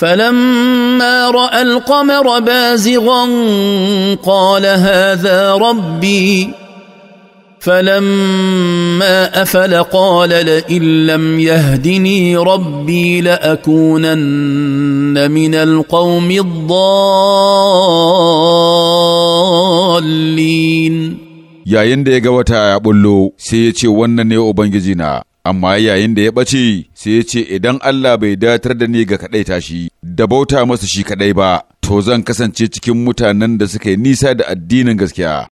فلما راى القمر بازغا قال هذا ربي فلما افل قال لئن لم يهدني ربي لاكونن من القوم الضالين yayin da ya ga wata ya bullo sai ya ce wannan ne amma yayin da ya ɓace sai ya ce idan Allah bai datar da ni ga kaɗaita shi da bauta masa shi kaɗai ba to zan kasance cikin mutanen da suka yi nisa da addinin gaskiya